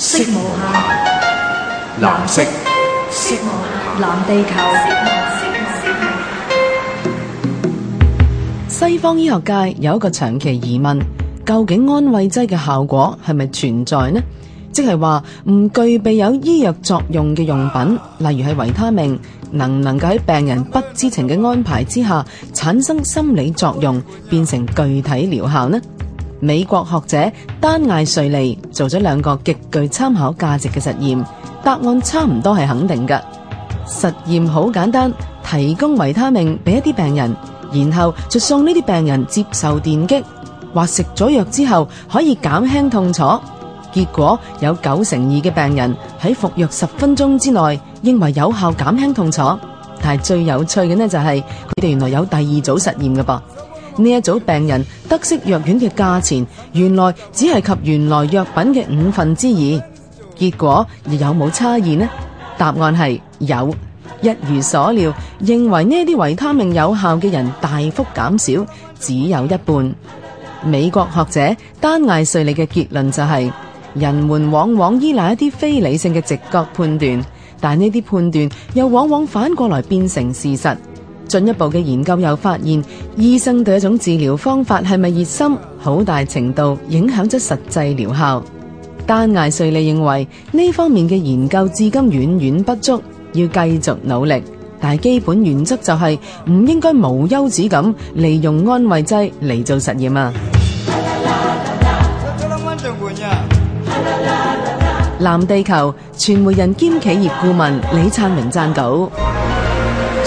色無暇，藍色，色無暇，藍地球。西方醫學界有一個長期疑問：究竟安慰劑嘅效果係咪存在呢？即係話唔具備有醫藥作用嘅用品，例如係維他命，能唔能夠喺病人不知情嘅安排之下，產生心理作用，變成具體療效呢？美國學者丹艾瑞利做咗兩個極具參考價值嘅實驗，答案差唔多係肯定㗎。實驗好簡單，提供維他命俾一啲病人，然後就送呢啲病人接受電擊，話食咗藥之後可以減輕痛楚。結果有九成二嘅病人喺服藥十分鐘之內認為有效減輕痛楚。但係最有趣嘅呢就係佢哋原來有第二組實驗嘅噃。呢一組病人得悉藥丸嘅價錢，原來只係及原來藥品嘅五分之二。結果又有冇差異呢？答案係有，一如所料，認為呢啲維他命有效嘅人大幅減少，只有一半。美國學者丹艾瑞利嘅結論就係、是，人們往往依賴一啲非理性嘅直覺判斷，但呢啲判斷又往往反過來變成事實。進一步嘅研究又發現，醫生對一種治療方法係咪熱心，好大程度影響咗實際療效。丹艾瑞利認為呢方面嘅研究至今遠遠不足，要繼續努力。但係基本原則就係唔應該無休止咁利用安慰劑嚟做實驗啊，啊！藍地球，傳媒人兼企業顧問李燦榮撰稿。